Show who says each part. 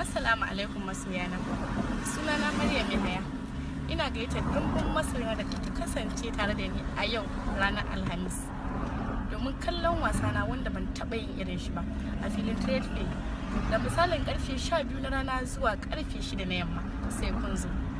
Speaker 1: Assalamu alaikum suna na Maryam Yahaya. Ina gayyatar dumbun masoya da ta kasance tare da ni a yau ranar Alhamis. Domin kallon wasa na wanda ban taɓa yin irin shi ba a filin Trade Fair. Da misalin karfe 12 na rana zuwa karfe 6 na yamma sai kun zo.